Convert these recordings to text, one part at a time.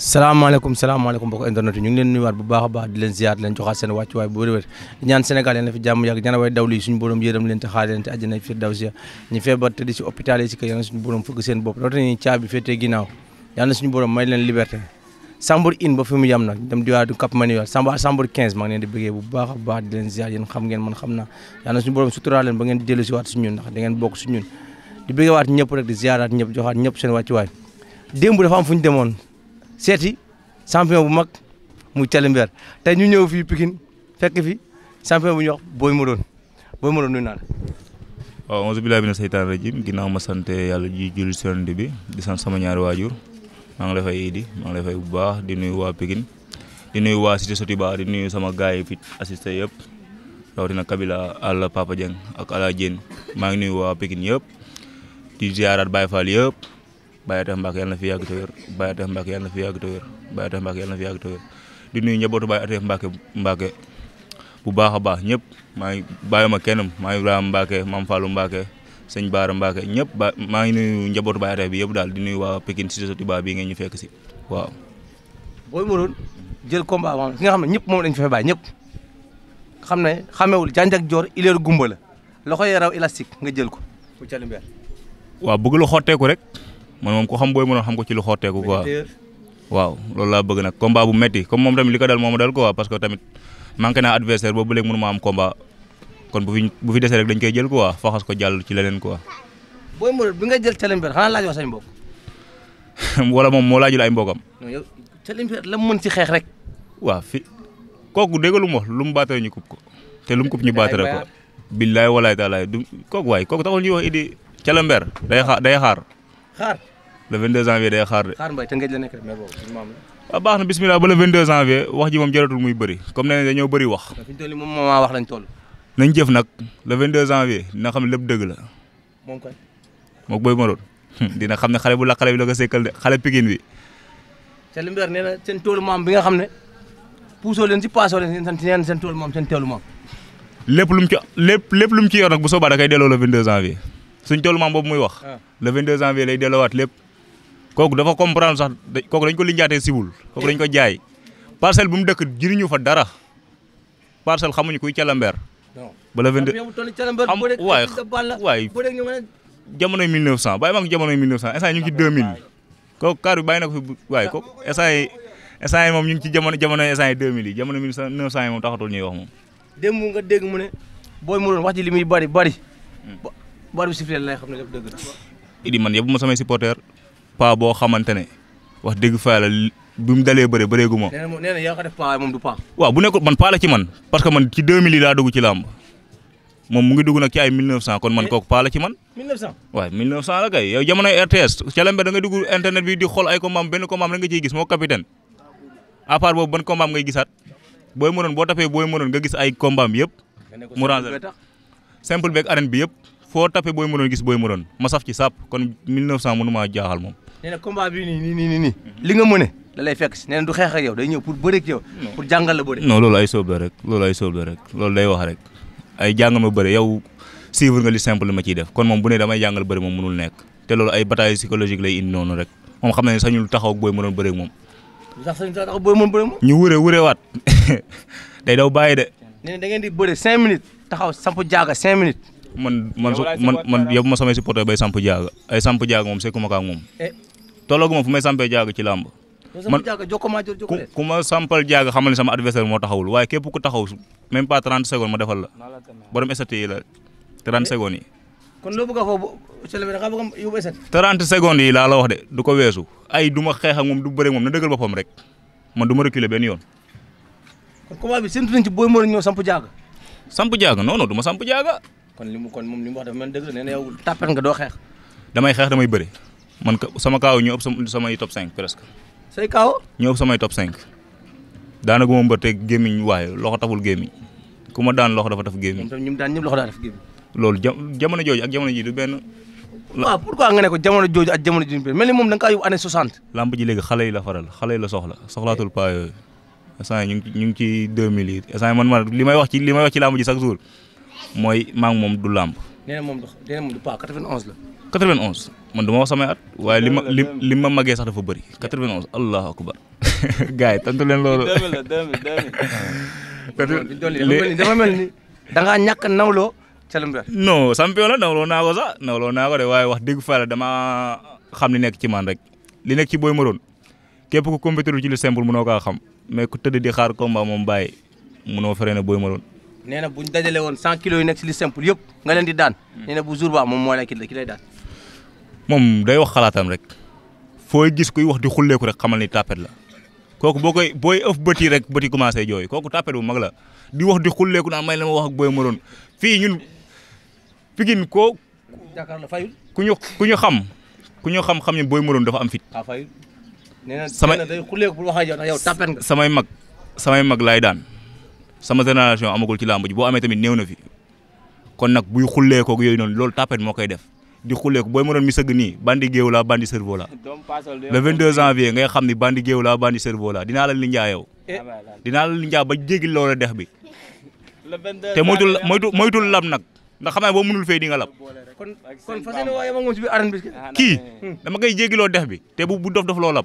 salaamaaleykum salaamaaleykum mbokk internet yi ñu ngi leen nuyuwaat bu baax a baax di leen ziar leen joxaat seen wàccuwaay bu wér a fi jàmm yàgg mu yam bu baax a baax di xam ngeen man xam naa yàlla suñu borom suturaa leen ba ngeen dellu si waat suñun ndax da ngeen bokk suñun di bëggee waat ñëpp rek di ziaraat ñëpp joxaat ñëpp seen wàccuwaay démb dafa am fu ñu demoon seeti champion bu mag muy Thialy tey ñu ñëw fii Pikine fekk fi champion bu ñuy wax Boy Maroon Boy Maroon nuyu naa la. waaw auzu billaahi mina seytaan rajim ginnaaw ma sant yàlla ji julli seen bi di sant sama ñaari waajur maa ngi lay fay Idi maa ngi lay fay bu baax di nuyu waa Pikine di nuyu waa Cité Sotiba di nuyu sama gars yi fi assisté yëpp rawatina Kabila àll Papa Dieng ak Ala Dieng maa ngi nuyu waa Pikine yëpp di ziaraat Baye Fall yëpp. Baye Atex Mbacke yàlla na fi yàgg te wér Baye Atex Mbacke na fi yàgg te wér Baye Atex Mbacke yàlla na njabootu Baye Atex bu baax a baax ñëpp maa ngi bàyyi ma kenn maa ngi Ibrahima Mbacke Mame Fallou Mbacke sëñ Baara Mbacke ñëpp ba maa ngi nuyu njabootu Baye bi yëpp daal dinuy nuyu waa Pikine Cité Sotiba bii ngeen ñu fekk si waaw. booy mënoon jël combat am ki nga xam ne ñëpp moom lañ fa bàyyi ñëpp xam ne xamewul jànjak joor ileer gumba la loxo yi raw nga jël ko waaw bëgg la xotteeku rek man moom ko xam booy mënoo xam ko ci lu xotteeku quoi waaw loolu laa bëgg nag combat bu metti comme moom tamit li ko dal moom dal quoi parce que tamit manqué naa adversaire boobu ba léegi mënu ma am kon bu fi desee rek dañ koy jël quoi faxas ko jàll ci leneen quoi. booy Modou bi nga jël challenge bi xanaa laajoo say mbokk. wala moom moo laajul ay mbokam. non yow la mu mën ci xeex rek. waaw fi kooku dégg lu mu lu mu baatare ñu kub ko te lu mu kub ñu baatare ko. billaay walaay taalaay du kook waay kooku taxul ñuy wax idi challenge day xaar day xaar. le 22 janvier day xaar de. xaar la nekk rek ah, baax na bismillah ba le 22 janvier wax ji moom jaratul muy bëri comme nee nañ dañoo bëri moom wax lañ toll. nañ jëf nag le 22 janvier dina xam ne lépp dëgg la. moom kay. moom booy maroon dina xam ne xale bu laqale bi la ko sekkal de xale pikin bi. te li mu nee na seen toolu maam bi nga xam ne puusoo leen si paasoo leen seen seen maam seen toolu maam. lépp lu ci lépp lu mu ci yor nag bu soobaa da koy delloo le 22 janvier suñ toolu maam boobu muy wax. Ah. le 22 janvier lay delloowaat lépp kooku dafa comprendre sax kooku dañ ko linjaatee siwul kooku dañ ko jaay parcelle bu mu dëkk jëriñu fa dara parcelle xamuñu kuy calambeer. ba la 22 am waay waay jamonoy 1900 bàyyi ma ko jamonoy 1900 instant ñu ngi ci 2000 kooku kaar bi bàyyi na ko fi waay ko instant yi instant yi moom ñu ngi ci jamono jamono instant yi 2000 yi jamono 1900 yi moom taxatul ñuy wax moom. démb nga dégg mu ne booy mu doon wax ci li bari bari. Hmm. bari bu xam ne lépp dëgg la. Idi man yëpp ma samay supporters. paa boo xamante ne wax dëgg fa yàlla bi mu dalee bëre bëreegu ma. nee na yaa waaw bu nekkul man paa la ci man parce que man ci 2000 yi laa dugg ci làmb moom mu ngi dugg nag ci ay 1900 kon man kooku paa la ci man. 1900 waaw 1900 la kay yow jamonoy RTS Calembe da nga dugg internet bi di xool ay combat benn combat da nga ciy gis moo capitaine à part boobu ban combat ngay gisaat booy mënoon boo tapee booy mënoon nga gis ay combat am yëpp. mu ranger simple beeg arène bi yëpp foo tapee booy mënoon gis booy mënoon ma saf ci sàpp kon 1900 mënu maa jaaxal moom. nee na combat bi nii nii nii nii li nga mëne da lay fekk si nee na du xeex ak yow day ñëw pour bëre ak yow. pour jàngal la bëre. non loolu ay soob la rek loolu ay soob la rek loolu day wax rek ay jàngal ma bëre yow suivre nga li simple ma ciy def kon moom bu ne damay jàngal bëre moom mënul nekk te loolu ay bataille psychologique lay indi noonu rek moom xam na ne sañul taxaw ak booy mënoon bëre ak moom. ndax sañul taxaw ak booy mënoon bëre ak moom. ñu wure wurewaat day daw bàyyi de. nee na da ngeen di bëre cinq minutes taxaw samp jaaga cinq minutes. man man man man yow ma samay supporter bay samp jaaga ay samp jaaga moom sekkuma ko ak moom eh, tollooguma fu may sampee jaaga ci làmb ku ma sampal jaaga xamal ne sama adversaire moo taxawul waaye képp ku taxaw même pas 30 secondes ma defal la borom SAT yi la 30 eh, secondes yi. a foofu da nga bëgg yi laa la wax de du ko weesu ay du ma xeex ak moom du bëre moom na dëggal boppam rek man du ma reculer benn yoon. kon combat bi séntu nañ ci booy mën a ñëw samp jaaga. samp jaaga non non du ma samp jaaga. kon li mu kon moom li mu wax dafa mel ni dëgg la nee nga doo xeex. damay xeex damay bëre. man sama kaaw ñoo ëpp sama samay top presque. say kaaw. ñoo ëpp samay top 5 daanaka moom ba teg gémmiñ waaye loxo taful gémmiñ ku ma daan loxo dafa taf gémmiñ. ñu daan ñëpp loxo daa daf gémmiñ. loolu jamono jooju ak jamono ji du benn. waaw pourquoi ko jamono jooju ak jamono ji mel ni moom da nga kaa yóbbu année 60. lamb ji léegi xale yi la faral xale yi la soxla soxlaatul paa yooyu instant ñu ngi ñu ngi ci 2000 yi instant man man li may wax ci li may wax ci lamb ji chaque jour mooy maa moom du lamb. nee na moom du nee na moom du la. 91 man du ma wax samay at waaye li ma li li ma màggee sax dafa bëri 91 allahu akbar gars yi tantu leen loolu. 2000 2000 dafa mel ni ñàkk nawloo Thialamber. non la nawloo naa ko sax nawloo naa ko de waaye wax dëgg fa la damaa xam li nekk ci man rek li nekk ci Boy Maroon képp ku compétiteur ci lu simple mënoo kaa xam mais ku di xaar combat moom bàyyi mënoo feree ne Boy Maroon. nee na bu ñu dajale woon 100 kilos yi nekk ci lu simple yëpp nga leen di daan. Mm. nee bu jour ba moom moo lay ki lay daan. moom day wax xalaatam rek fooy gis kuy wax di xuleeku rek xamal ni tàppet la kooku boo koy booy ëf bët yi rek bët yi commencé jooy kooku tàppet bu mag la di wax di xulleeku naan may la ma wax ak booy moroon fii ñun Pikine ko Dakar ku ñu ku ñu xam ku ñu xam xam ne booy moroon dafa am fit. waaw ah, fayul nee na day xulleeku bu samay mag samay mag laay daan sama génération amagul ci ba ji boo amee tamit new na fi kon nag buy xulleekoo ak yooyu noonu loolu tàppet moo koy def. di xuleeku booy mënoon mi sëgg nii bandi géew laa bandi cerveau la le 22 janvier ngay xam ni bandi géew laa bandi cerveau la dinaa la li njaa yow eh. ah, la li ba jéggi loola dex bi te moytul moytu moytul lab nag ndax xam naa boo mënul fay di nga lab kon kon fas yéene waaye ah, eh, eh. bi te bu bu dof dof loo lab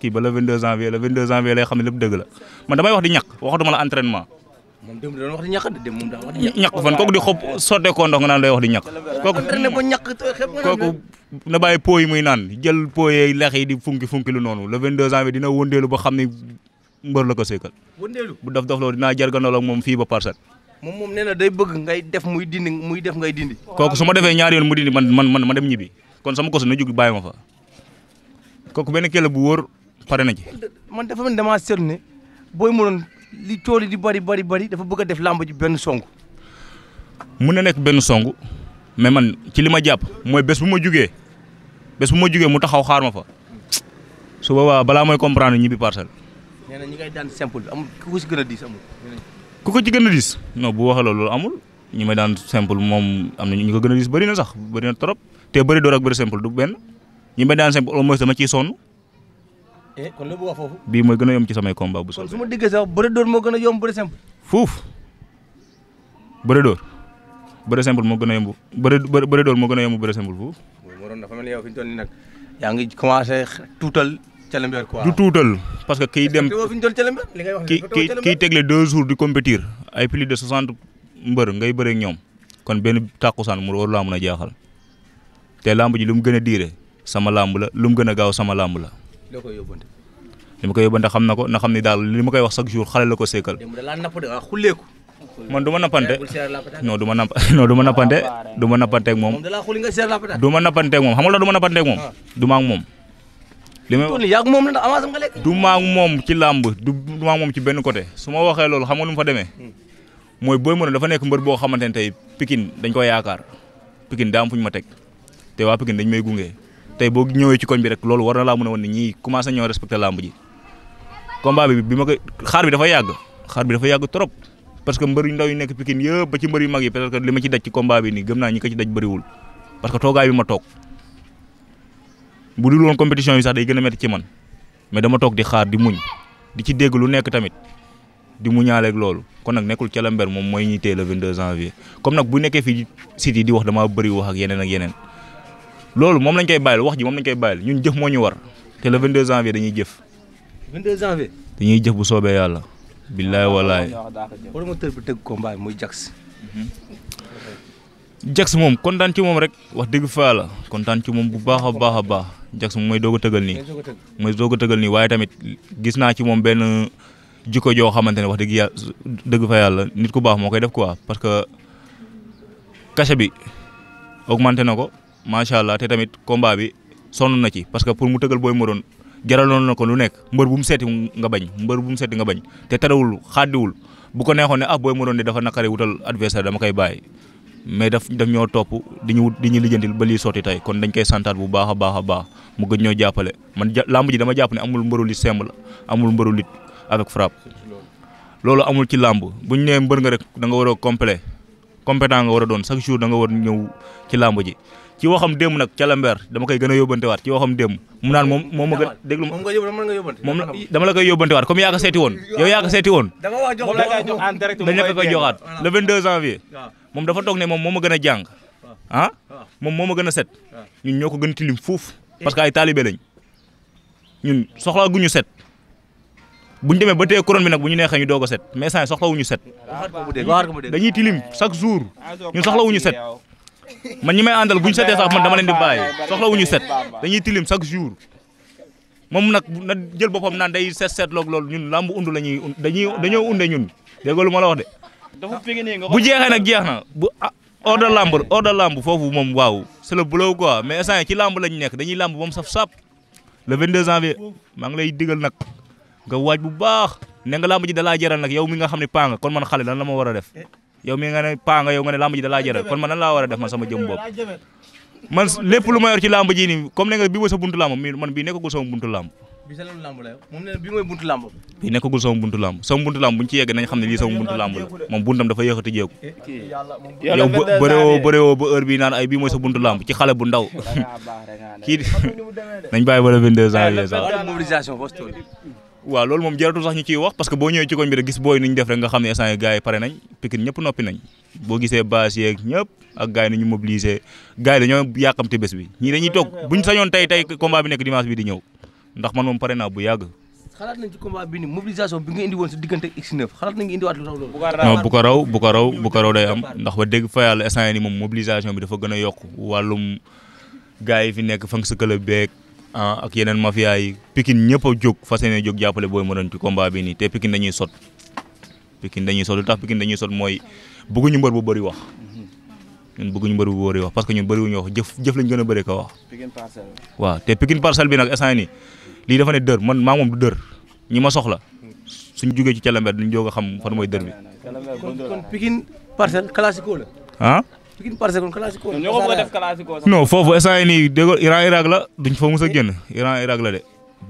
kii ba le 22 janvier le 22 janvier lay xam ne lépp dëgg la man damay wax di ñàkk waxatuma la entraînement moom dem doon wax di ñàkk de dem moom daa wax di ñàkk fan kooku di xob sotteekoo ndox nga naan lay wax di ñàkk kooku na bàyyi po yi muy naan jël po yeeg lex yi di funki funki lu noonu le 22 janvier dina wëndeelu ba xam ne mbër la ko seekal wëndeelu bu daf dof loolu dinaa jargandoo ak moom fii ba parcelle moom moom nee na day bëgg ngay def muy dindi muy def ngay dindi kooku su ma defee ñaar yoon mu dindi man man man ma dem ñibbi kon sama kosu na jug bàyyi ma fa kooku benn kele bu wóor pare na ci man dafa mel damaa seetlu ne booy mënoon li tool di bari bari bari dafa bëgg a def làmb ji benn song. mun na nekk benn song mais man ci li ma jàpp mooy bés bu ma jugee bés bu ma jugee mu taxaw xaar ma fa su boobaa balaa mooy comprendre ñibbi parcelle. nee na ñi ngay daan simple amul ku ko ci gën a diis amul. ku ko ci gën a diis non bu waxee loolu amul ñi may daan simple moom am na ñu ko gën a diis bëri na sax bëri na trop te bëri door ak bëri simple du benn ñi may daan simple au moins dama ciy sonn. Eh, kon la bëgg a foofu. bii mooy gën a yomb ci samay combat bu soobee. kon su ma déggee sax bëre dóor moo gën a yomb bëre simple. fuuf bëre dóor bëre simple moo gën a yomb bëre bëre dóor moo gën a yomb bëre simple fuuf. mooy waroon dafa mel ni yow fi ñu toll nii nag yaa ngi commencé tuutal calembeer quoi. du tuutal parce que kiy dem fi ñu toll calembeer li ngay wax ki ki kiy tegle deux jours di compétir ay plus de soixante mbër ngay bëre ak ñoom kon benn tàkkusaan mu warul laa mën a jaaxal te lamb ji lu mu gën a diire sama lamb la lu mu gën a gaaw sama lamb la loo koy yóbbante. li ma koy yóbbante xam na ko na xam ni daal li ma koy wax chaque jour xale la ko seekal. démb da laa napp de waa ah, man du ma nappante non du ma napp nappante du moom. du ma nappanteeg moom xam nga moom. Ah. du ma ak moom. li may wax du moom ci làmb du ma moom ci benn côté su ma waxee loolu xam nga lu mu fa demee. Hmm. mooy Boy Maodo dafa nekk mbar boo xamante ne tey Pikine dañ ko yaakaar Pikine daa am fu ñu ma teg te waa Pikine dañ may gunge. tey boo ñëwee ci koñ bi rek loolu war na laa mën a woon ne ñii commencé nañoo respecté làmb ji combat bi bi ma xaar bi dafa yàgg xaar bi dafa yàgg trop parce que mbër yu ndaw yu nekk Pikine yëpp ba ci mbër yu mag yi peut-être que li ma ci daj ci combat bi nii gëm naa ñi ko ci daj bëriwul parce que toogaay bi ma toog bu dul woon compétition bi sax day gën a métti ci man mais dama toog di xaar di muñ di ci dégg lu nekk tamit di muñaaleeg loolu kon nag nekkul ca la mbër moom mooy ñuy téye le 22 janvier comme nag bu nekkee fii di wax damaa bëri ak yeneen ak yeneen loolu moom lañ koy bàyyil wax ji moom lañ koy bàyyil ñun jëf moo ñu war te le 22 janvier dañuy jëf. 22 janvier. dañuy jëf bu soobee yàlla. billaay walaay. promoteur bi tëgg combat muy Jax. Mm-hmm. Jax moom kontaan ci moom rek wax dëgg faa la kontaan ci moom bu baax a baax a baax Jax moom mooy doog a tëgal nii. mooy doog a tëgal nii waaye tamit gis naa ci moom benn jikko joo xamante ne wax dëgg yàlla dëgg fa yàlla nit ku baax moo koy def quoi parce que cachet bi augmenté na ko. macha allah te tamit combat bi sonn na ci parce que pour mu tëgal booy moroon jaraloon na ko lu nekk mbër bu mu seeti nga bañ mbër bu mu seeti nga bañ te terewul wul bu ko neexoon ne ah booy moroon de dafa naqare wutal adversaire dama koy bàyyi mais daf daf ñoo topp di ñu di ñu lijjantil ba lii sotti tey kon dañ koy santaat bu baax a baax a baax mu gën ñoo jàppale man làmb ji dama jàpp ne amul mbëru lit simple amul mbëru lit avec frappe loolu amul ci làmb bu ñu nee mbër nga rek da nga war a complet compétent nga war a doon chaque jour da nga war ñëw ci làmb ji ci waxam démb nag ca dama koy gën a yóbbantewaat ci waxam démb mu naan moom moom ma gën déglu moom dama la koy yóbbantewaat comme yaa ko seeti woon yow yaa ko seeti woon moom dafa toog ne moom moo ma gën a jàng ah moom moo ma gën a set ñun ñoo ko gën tilim fuuf parce que ay taalibe lañ ñun soxlaa guñu set bu ñu demee ba tey couronne bi nag bu ñu neexee ñu doog a set mais saa soxlawuñu set dañuy tilim chaque jour ñun soxlawuñu set man ñi may àndal bu ñu setee sax man dama leen di bàyyi soxla wu ñu set dañuy tilim chaque jour moom nag na jël boppam naan day set seetloog loolu ñun lamb undu la ñuy dañuy dañoo unde ñun dégg lu ma la wax de. bu jeexee nag jeex na bu ah ordre làmb ordre làmb foofu moom waaw c'est le boulot quoi mais instant ci làmb lañ nekk dañuy làmb moom saf-saf le 22 janvier maa ngi lay digal nag nga waaj bu baax ne nga làmb ji dalaa jaral nag yow mi nga xam ne paa kon man xale lan la ma war a def. yow mi nga ne paa nga yow nga ne làmb ji da laa jëral kon man nan laa war a def man sama jëm bopp man lépp lu ma yor ci làmb ji nii comme ne nga bii mooy sa buntu làmb mi man bii nekkagul sama buntu làmb bi sa loolu làmb la yow moom nee na bii mooy buntu làmb bii nekkagul sama buntu làmb sama buntu làmb bu ñu ci yegg nañ xam ne lii sama buntu làmb la moom buntam dafa yéex a tëjeeku yow bëréwoo bëréwoo ba heure bi naan ay bii mooy sa buntu làmb ci xale bu ndaw kii nañ bàyyi ba le 22 janvier sax waaw loolu moom jaratul sax ñu ciy wax parce que boo ñëwee ci koñ bi rek gis booy niñ def rek nga xam ne instant yi gars yi pare nañ Pikine ñëpp noppi nañ boo gisee bâche yeeg ñëpp ak gars yi nañu mobiliser gars bés bi ñii dañuy toog buñ sañoon tey tey combat bi nekk dimanche bi di ñëw ndax man moom pare naa bu yàgg xalaat bi ni bi nga indi woon sa diggante ak bu ko raw bu ko raw bu ko raw day am ndax ba dégg fa yàlla instant yi ni moom mobilisation bi dafa gën a yokk wàllum gars yi fi nekk fan sa club beeg ah ak yeneen ma yi Pikine ñëpp a jóg fas yéene jóg jàppale Boy Maron ci combat nii te Pikine dañuy sot Pikine dañuy sot lu tax Pikine dañuy sot mooy bëgguñu mbër bu bëri wax ñun ñu mbër bu bëri wax parce que ñun bëriwuñu wax jëf jëf lañ a bëri ko wax. Pikine parcelle waaw te Pikine parcelle bi nag instant nii lii dafa ne dër man maa moom du dër ñi ma soxla suñ jugee ci Calamber duñ jóg a xam fan mooy dër bi. kon kon Pikine parcelle la. Pikine Parcelles kon classico. ñoo ko bëgg a def classico sax. non foofu instant yii nii déggoo Iran la duñ fa mës génn Iran Irak la de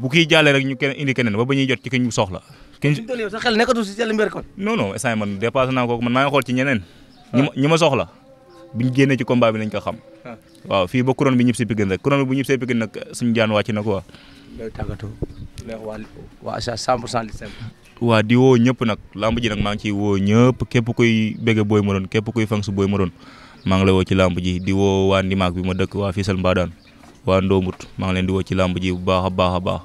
bu kii rek ñu kenn indi keneen ba ba ñuy jot ci kiñ soxla. kenn si sa man dépassé naa kooku man maa xool ci ñeneen. ñi ma ñi ma soxla buñ génnee ci combat bi nañ ko xam. Ah. waaw fii ba couronne bi ñëpp si Pikine rek couronne bi bu ñëpp see Pikine nag suñu jaan wàcc na quoi. looy tàggatoo. waa sa 100% li waa di woo ñëpp nag lamb ji nag maa ngi ciy woo ñëpp képp kuy bëgg booy ma doon képp kuy fang su booy ma doon maa ngi la woo ci làmb ji di woo waa Ndimaak bi ma dëkk waa fiisal Mbadaan waa Ndoomut maa ngi leen di woo ci làmb ji bu baax a baax a baax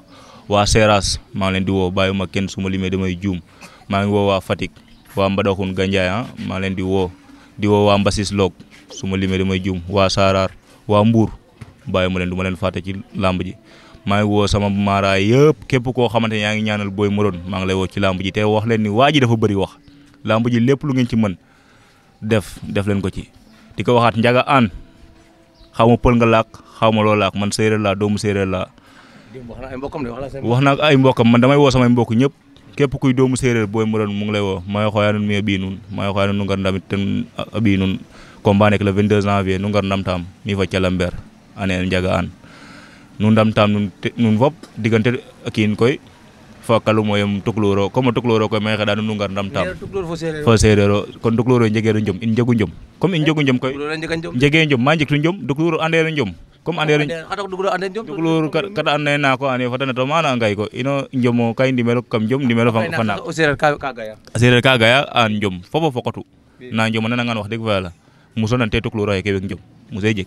waa Seras maa ngi leen di woo ma kenn suma ma limee damay juum maa ngi woo waa Fatick waa Mbadaxun Gandiaye ah maa ngi leen di woo di woo waa Mbassis Log su ma limee damay juum waa Saaraar waa mbuur baa leen ma leen duma leen fàtte ci làmb ji. maa ngi woo sama maaraay yëpp képp koo xamante ne yaa ngi ñaanal booy moroon maa ngi lay ci làmb ji te wax ni waa ji dafa bëri wax làmb ji lépp lu ngeen ci mën def def leen ko ci di ko waxaat njaga aan xaw ma pël nga laak xaw ma loo laak man séeréer laa doomu séeréer laa. wax naa ay mbokkam man damay woo samay mbokk ñëpp képp kuy doomu séeréer booy mu doon mu ngi lay woo may xooyaanun mi a bii nun may xooyaanun nu ngar ndamit ten a bii nun combat nekk le 22 janvier nu ngar ndamtaam mi fa calamber aneen njaga aan nu ndamtaam nun nun fop diggante kiin koy fo kalamoyom tukloro comme tukloro koy maxey xeɗa nu nu ngar ndam taam fo sereer o kon tukloro jegero jom in jegu jom comme in jegu jom koy jege jom ma jeg tu jom tukloro andero jom comme andero and naye nako ane fatana to mana ngay ko ino jomo kay ndimelo kam jom ndimelo fa naak sereer ka gaya an jom fopo foqatu na jom o nanangan wax fa yala muso nan te tukloro ke weg jom mosee jeg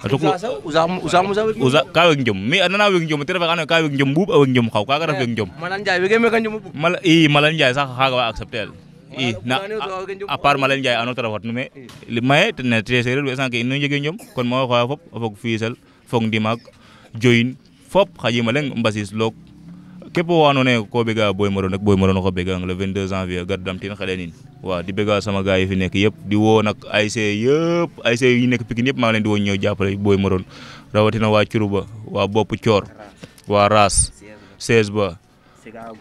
Usa Usa Usa Musa wek Usa ka wek njom mi nana wek njom te refa ka ando ka wek njom buub a wek njom xaw kaga ref eh, wek njom Malal i Malal Ndiaye sax xaga wa accepter i na Malal Ndiaye ano tara fat nu maye tene te sereer we sank inu jege njom kon ma xoya fop fog fiisel fog ndimaag joyin fop xajima leŋ mbasis look képp o andoona yee koo béggaa Boy Maroon rek Boy Maroon o xo béggang le 22 janvier gardam tin xaɗanin waaw di béggaa sama gars yi fi nekk yëpp di woo nag ASC yëpp ASC yi nekk Pikine yëpp maa ngi leen di woo ñëw jàppale Boy Maroon rawatina waa Curuba waa Bopp Coor waa Ras Sees ba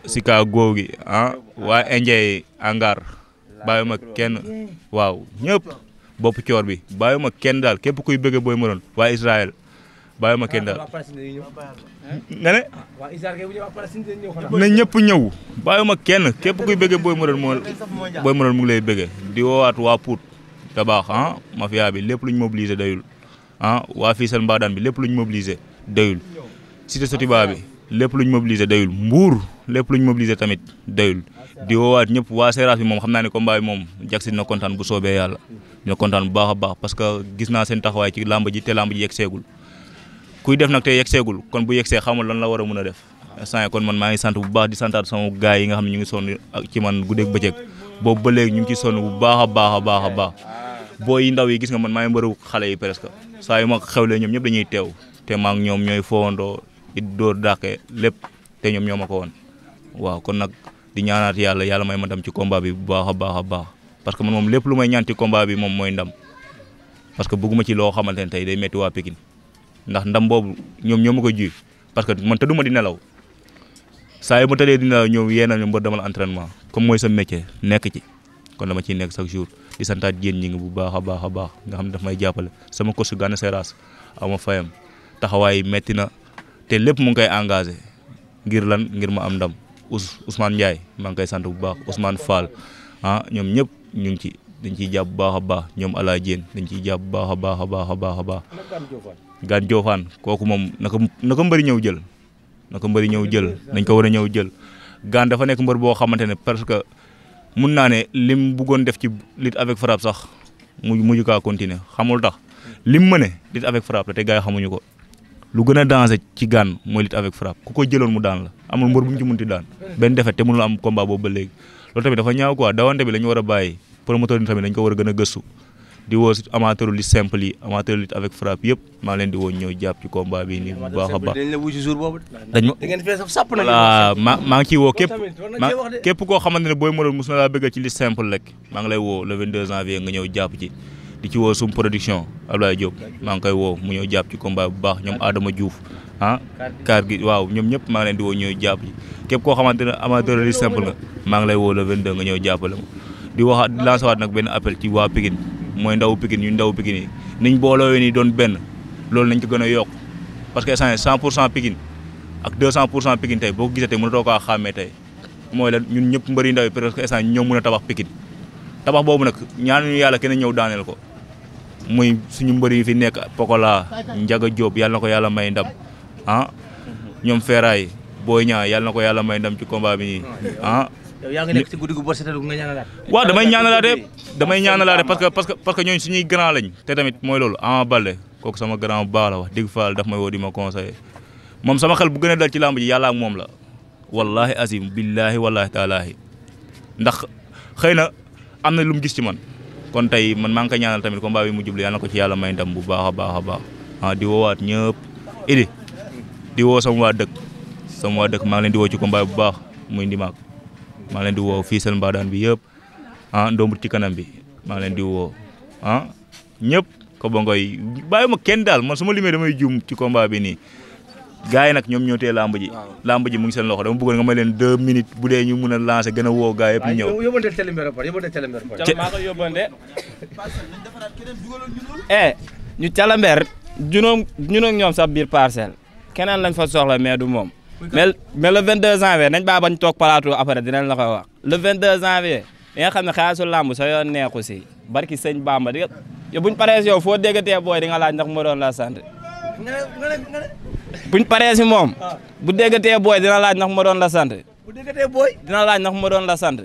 Sika Góogi ah waa Enjey Angar bàyyi ma kenn waaw ñëpp Bopp Coor bi bàyyi ma kenn daal képp kuy bëgg Boy Maroon waa Israël bàyyi ma kenn ah, daal nga ne na ñëpp ñëw bàyyi ma kenn képp kuy bëggee Boy Marone moo Boy Marone mu ngi lay bëggee di woowaat waa Pout da baax ah mafia bi lépp lu ñu mobilisé dayul ah waa fii seen mbaadaan bi lépp lu ñu mobilisé dayul cité Sotiba bi lépp lu ñu mobilisé dayul mbuur lépp lu ñu mobilisé tamit dayul di woowaat ñëpp waa seeraas bi moom xam naa ne combat bi moom Jackson na kontaan bu soobee yàlla ñoo kontaan bu baax a parce que gis naa seen taxawaay ci làmb ji te làmb ji seegul kuy def nag te yegg kon bu yegg see xamul lan la war a mën a def sant kon man maa ngi sant bu baax di santaat sama gaay yi nga xam ne ñu ngi sonn ak ci man guddeeg bëccëg boobu ba léegi ñu ngi ci sonn bu baax a baax a baax a baax boo yi ndaw yi gis nga man maa ngi mbëru xale yi presque saa yu ma xewlee ñoom ñëpp dañuy teew te maa ngi ñoom ñooy foondoo it dóor dàqee lépp te ñoom ñoo ma ko woon waaw kon nag di ñaanaat yàlla yàlla may ma dem ci combat bi bu baax a baax a baax parce que man moom lépp lu may ñaan ci combat bi moom mooy ndam parce que bëgguma ci loo xamante ne tey day métti waa ndax ndam boobu ñoom ñoo ma ko ji parce que man ma di nelaw saa yu ma tëddee di nelaw ñoom yee na ñu mbër demal entraînement comme mooy sa métier nekk ci kon dama ciy nekk chaque jour di santaat yéen ñi ngi bu baax a baax a baax xam ne daf jàppale sama coach Gana Seras ama fayam taxawaay metti na te lépp mu ngi koy engagé ngir lan ngir ma am ndam Ous Ousmane Ndiaye maa ngi koy sant bu baax Ousmane Fall ah ñoom ñëpp ñu ngi ci dañ ciy jàpp bu baax a baax ñoom Ala Dieng dañ ciy jàpp bu baax a a baax a baax a baax gaan joofaan kooku moom na ko na ko mbëri ñëw jël na ko mbëri ñëw jël dañ ko war a ñëw jël gaan dafa nekk mbër boo xamante ne parce que mun naa ne lim bëggoon def ci lutte avec frappe sax mu mujj kaa continuer xamul tax lim mu mëne lutte avec frappe la te gars yi xamuñu ko lu gën a danger ci gaan mooy lutte avec frappe ku ko jëloon mu daan la amul mbër bu mu ci munti daan benn defet te mënul am combat boobu léegi loolu tamit dafa ñaaw dañ ko war a gën a gëstu di woo amateur lutte simple yi amateur lutte avec frappe yëpp maa leen di woo ñëw jàpp ci combat bi nii bu baax a baax. dañ maa ngi ciy woo képp maa képp koo xamante ne booy mënoon mos na laa bëgg ci lutte simple rek maa ngi lay woo le 22 janvier nga ñëw jàpp ci. di ci woo sum production Abdoulaye maa ngi koy woo mu ñëw jàpp ci combat bu baax ñoom Adama Diouf ah. kaar gi waaw ñoom ñëpp maa leen di woo ñëw jàpp képp koo xamante ne amateur li simple nga maa ngi lay woo le 22 nga ñëw jàppale ma di waxaat di lancer waat nag benn appel ci waa Pikine mooy ndaw Pikine ñu ndaw Pikine yi niñ booloo ni doon benn loolu nañ ko gën a yokk parce que instant cent pour cent Pikine ak deux cent pour cent Pikine tey boo ko gisee tey mënatoo kaa xàmmee tey mooy la ñun ñëpp mbëri ndaw yi presque ñoo mën a tabax Pikine tabax boobu nag ñaanuñu yàlla kenn ñëw daaneel ko muy suñu mbëri yi fi nekk Pokola Ndiaga jóob yàlla na ko yàlla may ndam ah ñoom Feeraay Boy Niang yàlla na ko yàlla may ndam ci combat bi nii ah. yow yaa ngi nekk ci guddi gu boo seetlu nga ñaanalaat. waaw damay ñaanalaate damay ñaanalaate parce que parce que parce que ñooñu suñuy grand lañ. te tamit mooy loolu Ama Baldé kooku sama grand bu baax la wax dëgg faal daf may woo di ma conseillé moom sama xel bu gën a dal ci làmb ji yàlla ak moom la wallahi azim billahi wallahi taalaahi ndax xëy na am na lu mu gis ci man kon tey man maa ngi koy ñaanal tamit combat bi mu jublu yaa na ko ci yàlla may ndam bu baax baax a baax ah di woowaat ñëpp idi di woo sama waa dëkk sama waa dëkk maa ngi leen di woo ci combat bu baax muy ndimaak maa di woo fii seen mbaadaan bi yëpp ah ndombu ci kanam bi maa leen di woo ah ñëpp ko bongoy bàyyi ma kenn daal man su ma limee damay juum ci combat bi nii gars yi nag ñoom ñoo tee làmb ji làmb ji mu ngi seen loxo dama bëggoon nga may leen deux minutes bu dee ñu mën a lancer gën a woo gars yëpp ñu ñëw eh ñu calambeer junoom ñun ak ñoom sax biir parcelle keneen lañ fa soxla mais du moom mais mais le 22 janvier nañ baa bañ toog plateau après dinañ la koy wax le 22 janvier yi nga xam ne xaalisu làmb sa yoon neexu si barki sëñ Bamba di nga buñ paree si yow foo déggatee di nga laaj ndax moo doon la sant buñ paree moom ah. bu déggatee booy dina laaj ndax ma doon la sant bu déggatee booy dina laaj ndax ma doon la sant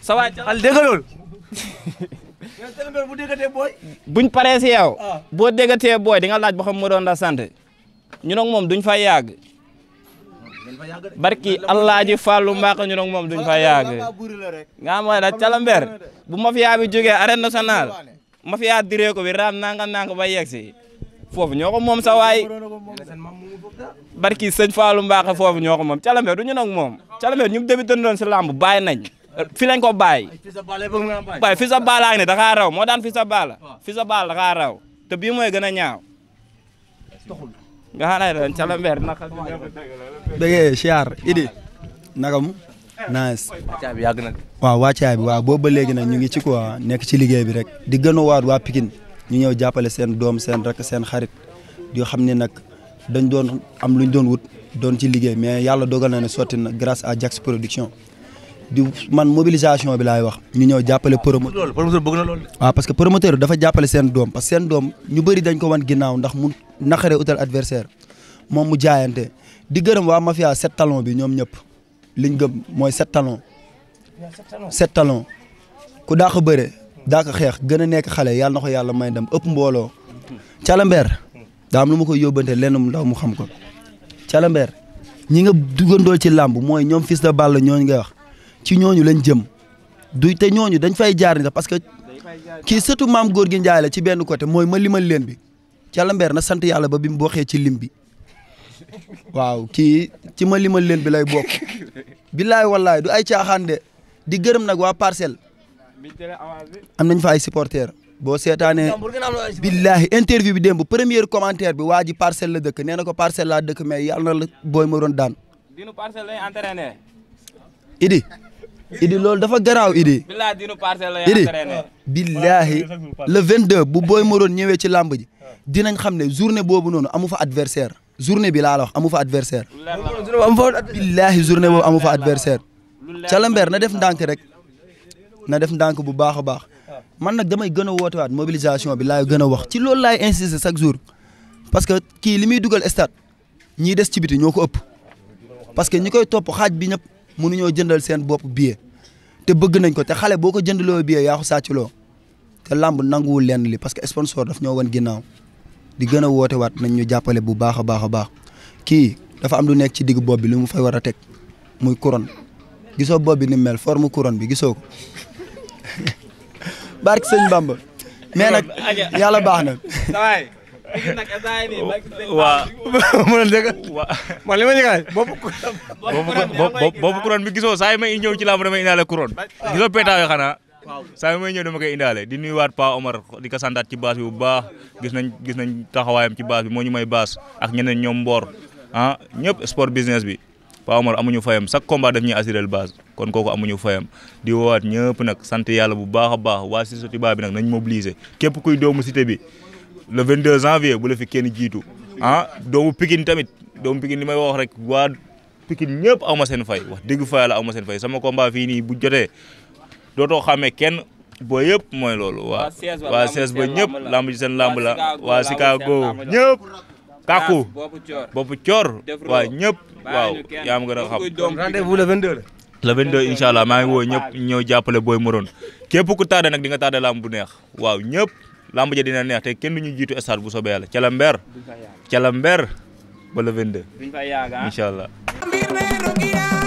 sa waay xal dégg loolu buñ paree si ah. boo déggatee booy di nga laaj ba ma doon sant ñu nag moom duñ fa yàgg barki allaaji fàllu mbaax ñu nag moom duñ fa yàgg nga xam mooy da calamber bu mafia bi jógee arène nationale mafia diree ko bi raam nanga nanga ba yegg si foofu ñoo ko moom sa waay barki sëñ faalu mbaax foofu ñoo ko moom calamber du ñu nag moom calamber ñu débuté doon si làmb bàyyi nañ fi lañ ko bàyyi waaye fi sa baala ak ne daxaa raw moo daan fi sa baala fi sa baala te bii mooy gën a ñaaw nga xanaa ren ca la mbeer naka. dégg siyaar Idi. naka mu. nice. na. waaw wàccaay bi waaw boobu ba léegi nag ñu ngi ci quoi nekk ci liggéey bi rek. di gën a waat waa Pikine ñu ñëw jàppale seen doom seen rek seen xarit yoo xam ne nag dañ doon am lu ñu doon wut doon ci liggéey mais yàlla dogal na ne sotti na grâce à Jax production. di man mobilisation bi laay wax ñu ñëw jàppale promoteur. loolu promoteur bëgg na loolu. waaw dafa jàppale seen doom parce que seen doom ñu bëri dañ ko wan ginnaaw ndax mun naqare utal adversaire moom mu jaayante di gërëm waa mafia sept talon bi ñoom ñëpp liñ gëm mooy set talon sept talon ku daa ko bëre daa ko xeex gën a nekk xale yàlla na ko yàlla may dem ëpp mbooloo calambeer daa am lu ma koy yóbbante lenn mu mu xam ko calambeer ñi nga dugandoo ci làmb mooy ñoom fils de Balla ñooñu nga wax ci ñooñu lañ jëm du te ñooñu dañ fay jaar ni sax parce que kii surtout maam góor gi njaay la ci benn côté mooy ma limal leen bi Calamber na sant yàlla ba bi mu boxee ci lim bi waaw kii ci ma limal leen bi lay bokk billaay wallaay du ay caaxaan de di gërëm nag waa parcelle am nañ fa ay supporters boo seetaanee billahi interview bi démb premier commentaire bi waa ji parcelle la dëkk nee na ko parcelle laa dëkk mais yàlla na la booy ma daan. dinu parcelle lay Idi. Idi loolu dafa garaaw Idi. billahi dinu parcelle lay entraîné. Idi billahi bu booy ma ñëwee ci làmb ji. dinañ xam ne journée boobu noonu amu fa adversaire journée bi laa la wax amu fa adversaire billaahi journée boobu amu fa adversaire Calamber na def ndànk rek na def ndànk bu baax a baax man nag damay gën a wootewaat mobilisation bi laay gën a wax ci loolu laay insister chaque jour parce que kii li muy dugal stade ñiy des ci biti ñoo ko ëpp parce que ñi koy topp xaaj bi ñëpp mënuñoo jëndal seen bopp billet te bëgg nañ ko te xale boo ko jëndaloo billet yaa ko loo te nanguwul lenn li parce que sponsor daf ñoo wan ginnaaw di gën a woote waat nañ ñu jàppale bu baax a baax a baax kii dafa am lu nekk ci digg bopp bi lu mu fay war a teg muy couronne gisoo bopp bi ni mel mu couronne bi gisoo ko barke sëñ Bamba mais nag yàlla na. waaw. ma ne man li ma ñu gaañ boobu. boobu couronne bi gisoo saa yi ñëw ci làmb damay indaale couronne xanaa. saa yi may ñëw dama koy indaale di nuyuwaat Pa Omar di ko santaat ci baas bi bu baax gis nañ gis nañ taxawaayam ci baas bi moo ñu may baas ak ñeneen ñoom mboor ah ñëpp sport business bi Pa Omar amuñu fayam chaque combat daf ñuy assuré base kon kooku amuñu fayam di woowaat ñëpp nag sant yàlla bu baax a baax waa si Sotiba bi nag nañ mobiliser képp kuy doomu cité bi le 22 janvier bu la fi kenn jiitu ah doomu Pikine tamit doomu Pikine ni may wax rek waa Pikine ñëpp aw ma wax dëgg fa yàlla aw ma seen sama combat fii nii bu jotee dootoo xàmmee kenn boo yëpp mooy loolu waa waa sees ba ñëpp lamb ji seen lamb la waa Chicago ñëpp kàkku boppu coor waa ñëpp waaw yaa ma gën a xam rendez-vous le 22 le maa ngi woo ñëpp ñëw jàppale booy moroon képp ku taade nag di nga taade lamb bu neex waaw ñëpp lamb ja dina neex te kenn du ñu jiitu stade bu soobee yàlla ca la mber ca la mber ba le ah. allah